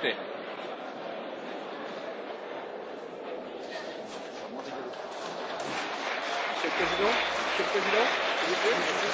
Siete. Monsieur le Président, Monsieur le Président, s'il vous plaît.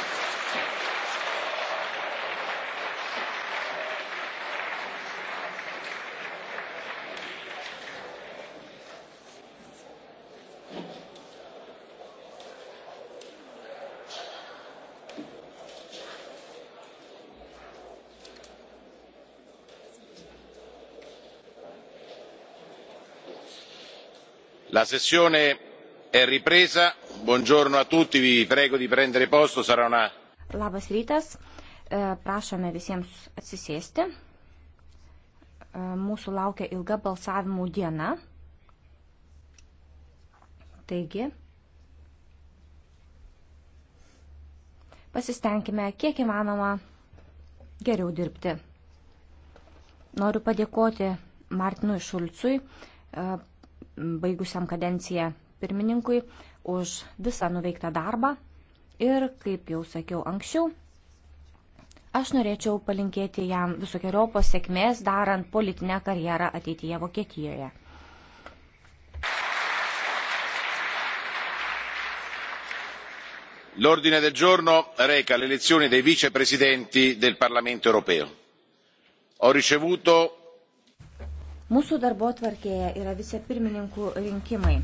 la sessione è ripresa buongiorno a tutti vi prego di prendere posto sarà una labas rytas e, prašome visiems atsisėsti e, mūsų laukia ilga balsavimų diena taigi pasistengime kiek įmanoma geriau dirbti noriu padėkoti martinui šulcui e, baigusiam kadenciją pirmininkui už visą nuveiktą darbą ir, kaip jau sakiau anksčiau, aš norėčiau palinkėti jam visokiojopos sėkmės darant politinę karjerą ateityje Vokietijoje. L'ordine del giorno reca l'elezione dei vicepresidenti del Parlamento europeo. Ho ricevuto Mūsų darbo tvarkėje yra vicepirmininkų rinkimai.